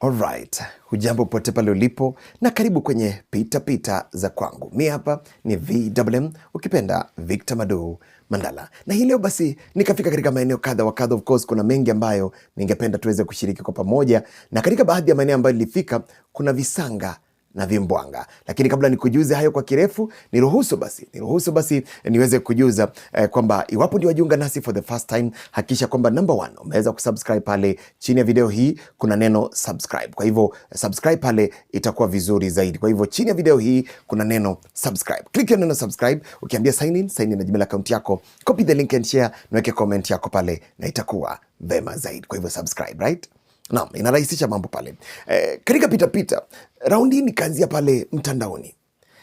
Alright, hujambo pote pale ulipo na karibu kwenye pita pita za kwangu. Mi hapa ni VMM, ukipenda Victor Madu Mandala, na hii leo basi nikafika katika maeneo kadha wa kadha. Of course kuna mengi ambayo ningependa tuweze kushiriki kwa pamoja, na katika baadhi ya maeneo ambayo nilifika kuna visanga na vimbwanga. Lakini kabla nikujuze hayo kwa kirefu, niruhusu basi niruhusu basi niweze kujuza eh, kwamba iwapo ni wajiunga nasi for the first time, hakikisha kwamba number one umeweza kusubscribe pale chini ya video hii kuna neno subscribe. Kwa hivyo subscribe pale itakuwa vizuri zaidi. Kwa hivyo chini ya video hii kuna neno subscribe, click ya neno subscribe, ukiambia sign in, sign in na Gmail account yako, copy the link and share, niweke comment yako pale na itakuwa vema zaidi. Kwa hivyo subscribe, right? Naam, inarahisisha mambo pale. E, katika pitapita raundi ni kaanzia pale mtandaoni.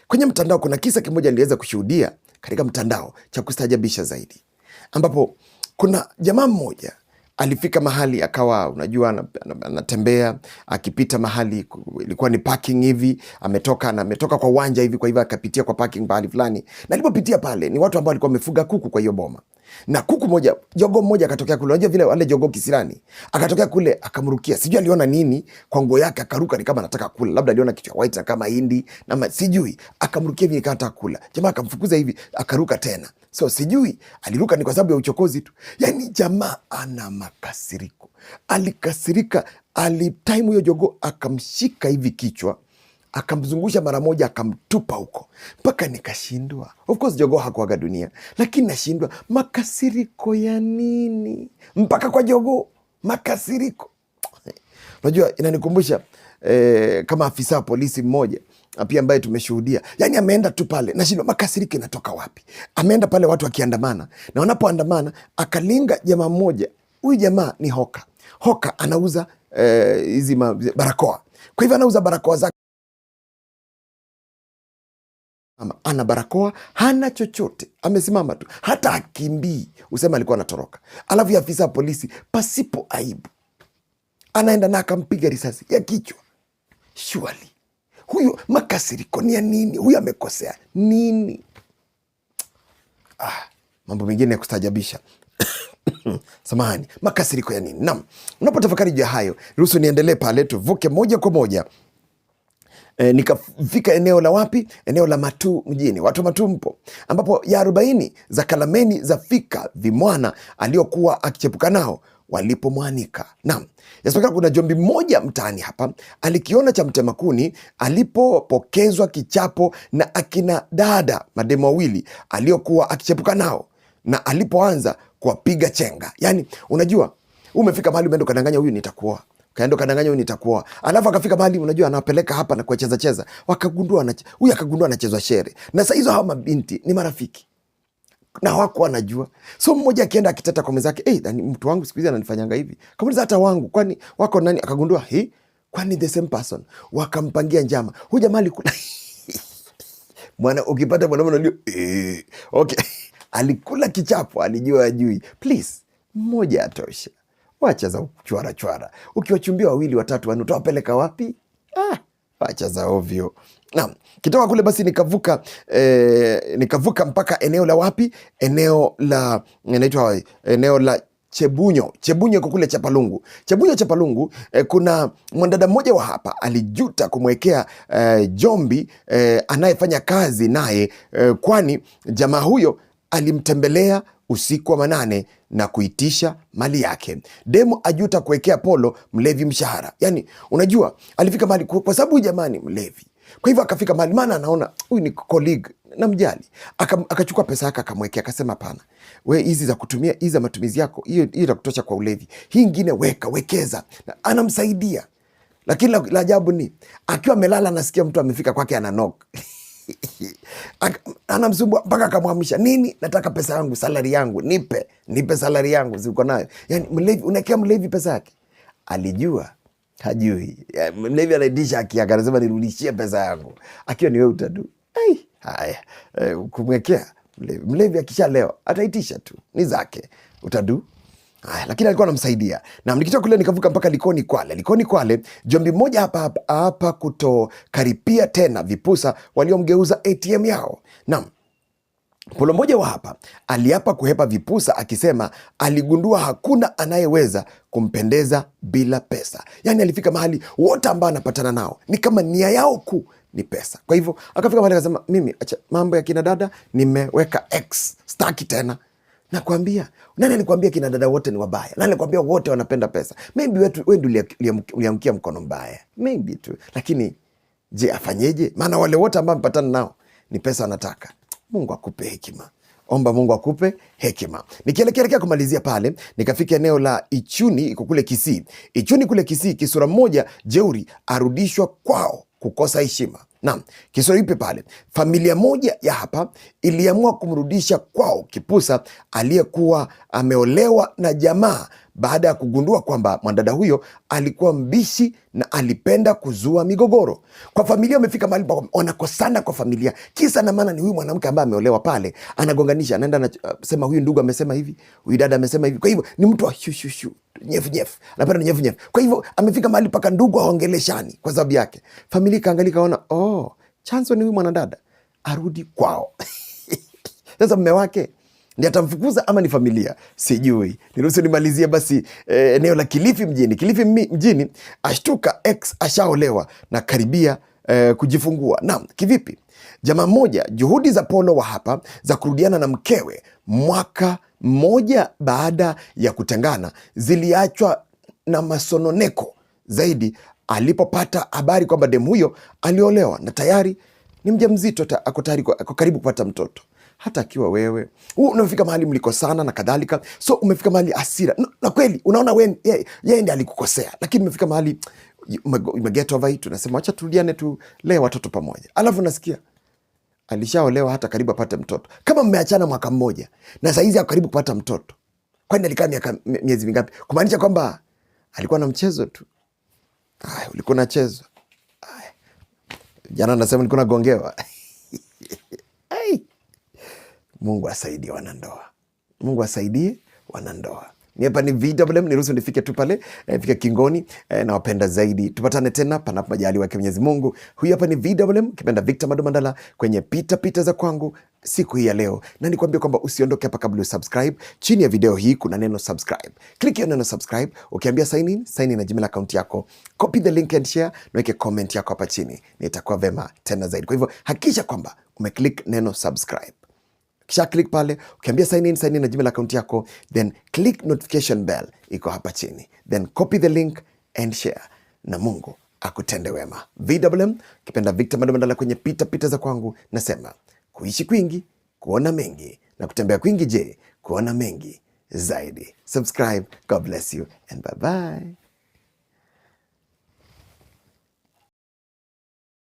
Kwenye mtandao kuna kisa kimoja niliweza kushuhudia katika mtandao cha kustajabisha zaidi, ambapo kuna jamaa mmoja alifika mahali akawa, unajua, anatembea akipita mahali, ilikuwa ni parking hivi, ametoka na ametoka kwa uwanja hivi, kwa hivyo akapitia kwa parking mahali fulani, na alipopitia pale ni watu ambao walikuwa wamefuga kuku kwa hiyo boma na kuku moja, jogo mmoja akatokea kule, unajua vile wale jogo kisirani, akatokea kule akamrukia, sijui aliona nini kwa nguo yake, akaruka ni kama anataka kula, labda aliona kitu cha white kama hindi na sijui, akamrukia vile kama anataka kula, jamaa akamfukuza hivi, akaruka tena, so sijui aliruka ni kwa sababu ya uchokozi tu. Yani jamaa ana makasiriko, alikasirika, alitaimu hiyo jogo akamshika hivi kichwa akamzungusha mara moja, akamtupa huko mpaka nikashindwa. Of course jogoo hakuaga dunia, lakini nashindwa makasiriko ya nini mpaka kwa jogoo makasiriko. Unajua, inanikumbusha eh, kama afisa wa polisi mmoja pia ambaye tumeshuhudia, yani ameenda tu pale, nashindwa makasiriko inatoka wapi. Ameenda pale watu wakiandamana, na wanapoandamana akalinga jamaa mmoja. Huyu jamaa ni hoka hoka, anauza eh, hizi eh, barakoa. Kwa hivyo anauza barakoa zake ama, ana barakoa hana chochote, amesimama tu, hata akimbii usema alikuwa anatoroka. Alafu ya afisa polisi pasipo aibu anaenda na akampiga risasi ya kichwa. shwali huyo makasiriko ni ya nini? huyo amekosea nini? Ah, mambo mengine ya kustajabisha samahani, makasiriko ya nini? Naam, unapotafakari juu ya hayo, ruhusu niendelee pale, tuvuke moja kwa moja e, nikafika eneo la wapi? Eneo la Matuu mjini, watu wa Matuu mpo, ambapo ya arobaini za Kalameni zafika vimwana aliyokuwa akichepuka nao walipomwanika. Naam, yasemekana kuna jombi mmoja mtaani hapa alikiona cha mtemakuni alipopokezwa kichapo na akina dada mademu wawili aliyokuwa akichepuka nao, na alipoanza kuwapiga chenga. Yani unajua umefika mahali umeenda ukadanganya, huyu nitakuoa kaenda kadanganya huyu nitakuoa, alafu akafika mahali, unajua anawapeleka hapa na kuwacheza cheza, wakagundua huyu akagundua anachezwa shere, na saa hizo hawa mabinti ni marafiki na wako wanajua, so mmoja akienda akiteta kwa mwenzake, hey, eh, mtu wangu siku hizi ananifanyanga hivi, kamuliza hata wangu, kwani wako nani? Akagundua hii, kwani the same person. Wakampangia njama, huyu jamaa alikula mwana, ukipata mwanamume unajua eh, okay, alikula kichapo, alijua ajui. Please, mmoja atosha wacha za chwara chwara. Ukiwachumbia wawili watatu wanne yaani utawapeleka wapi? Ah, wacha za ovyo. Naam, kitoka kule basi nikavuka eh, nikavuka mpaka eneo la wapi? Eneo la inaitwa eneo la Chebunyo. Chebunyo iko kule Chapalungu. Chebunyo Chapalungu, eh, kuna mwanadada mmoja wa hapa alijuta kumwekea eh, jombi eh, anayefanya kazi naye eh, kwani jamaa huyo alimtembelea usiku wa manane na kuitisha mali yake. Demu ajuta kuwekea Polo mlevi mshahara. Yani unajua alifika mahali kwa sababu jamani mlevi, kwa hivyo akafika mahali, maana anaona huyu ni colleague na mjali, akachukua pesa yake akamwekea, akasema pana we, hizi za kutumia hizi za matumizi yako, hiyo hiyo itakutosha kwa ulevi, hii ingine weka, wekeza. Na anamsaidia, lakini la ajabu ni akiwa amelala, anasikia mtu amefika kwake, ananoka anamsumbua mpaka akamwamisha nini, nataka pesa yangu, salari yangu, nipe nipe salari yangu, ziko nayo. Yani mlevi, unaekea mlevi pesa yake, alijua hajui. Eh, mlevi anaitisha akiaka, anasema nirudishie pesa yangu, akiwa ni wewe utadu. Haya, eh, kumwekea mlevi, mlevi akishalewa ataitisha tu, ni zake utadu. Aya, lakini alikuwa anamsaidia. Naam, nikitoka kule nikavuka mpaka Likoni Kwale. Likoni Kwale, jombi mmoja hapa hapa, hapa kutokaripia tena vipusa waliomgeuza ATM yao. Naam. Polo mmoja wa hapa aliapa kuhepa vipusa akisema aligundua hakuna anayeweza kumpendeza bila pesa. Yaani alifika mahali wote ambao anapatana nao ni kama nia yao kuu ni pesa. Kwa hivyo akafika mahali akasema, mimi acha mambo ya kina dada, nimeweka X, staki tena Nakwambia, nani alikwambia kina dada wote ni wabaya? Nani alikwambia wote wanapenda pesa? Maybe wewe ndio uliamkia mkono mbaya, maybe tu, lakini je, afanyeje? Maana wale wote ambao mpatana nao ni pesa wanataka. Mungu akupe hekima. Omba Mungu akupe hekima. Nikielekelekea kumalizia pale, nikafika eneo la Ichuni, iko kule Kisii. Ichuni kule Kisii, kisura mmoja jeuri arudishwa kwao kukosa heshima. Naam, kisa yupi pale. Familia moja ya hapa iliamua kumrudisha kwao kipusa aliyekuwa ameolewa na jamaa baada ya kugundua kwamba mwanadada huyo alikuwa mbishi na alipenda kuzua migogoro kwa familia. Wamefika mahali wanakosana kwa familia, kisa na maana ni huyu mwanamke ambaye ameolewa pale, anagonganisha, anaenda anasema uh, huyu ndugu amesema hivi, huyu dada amesema hivi. Kwa hivyo ni mtu wa shushushu nyefu nyefu, anapenda nyefu nyefu. Kwa hivyo amefika mahali mpaka ndugu aongeleshani kwa sababu yake. Familia ikaangalia ikaona, oh, chanzo ni huyu mwanadada, arudi kwao. Sasa mme wake Ndi atamfukuza ama ni familia sijui. Niruhusu nimalizie basi eh, eneo la Kilifi mjini. Kilifi mjini ashtuka x ashaolewa na karibia eh, kujifungua. Naam, kivipi? Jamaa mmoja, juhudi za Polo wa hapa za kurudiana na mkewe mwaka mmoja baada ya kutengana ziliachwa na masononeko zaidi alipopata habari kwamba demu huyo aliolewa na tayari ni mja mzito ako karibu kupata mtoto hata akiwa wewe huu unafika mahali mlikosana na kadhalika, so umefika mahali asira no, na kweli unaona we yeye ye, ye ndiye alikukosea, lakini umefika mahali umeget over it, unasema wacha turudiane, tulee watoto pamoja, alafu nasikia alishaolewa hata karibu apate mtoto. Kama mmeachana mwaka mmoja na saizi ako karibu kupata mtoto, kwani alikaa miaka miezi mingapi? Kumaanisha kwamba alikuwa na mchezo tu. Ay, ulikuwa unachezwa jana, nasema ulikuwa nagongewa Mungu asaidie wanandoa, Mungu asaidie wanandoa. Ni hapa ni VMM, niruhusu nifike tu pale eh, fika kingoni eh, na wapenda zaidi, tupatane tena panapo majali wake Mwenyezi Mungu. Huyu hapa ni VMM kipenda Victor Madu Mandala kwenye pita pita za kwangu siku hii ya leo, na nikwambie kwamba usiondoke hapa kabla usubscribe. Chini ya video hii kuna neno subscribe, click hiyo neno subscribe. Ukiambia sign in, sign in na Gmail account yako, copy the link and share, na weke comment yako hapa chini, nitakuwa vema tena zaidi. Kwa hivyo hakikisha kwamba umeclick neno subscribe kisha click pale, ukiambia sign in, sign in na Gmail account yako, then click notification bell iko hapa chini, then copy the link and share, na Mungu akutende wema. VMM kipenda Victor Mandala kwenye pita pita za kwangu, nasema kuishi kwingi kuona mengi na kutembea kwingi, je, kuona mengi zaidi. Subscribe. God bless you and bye bye.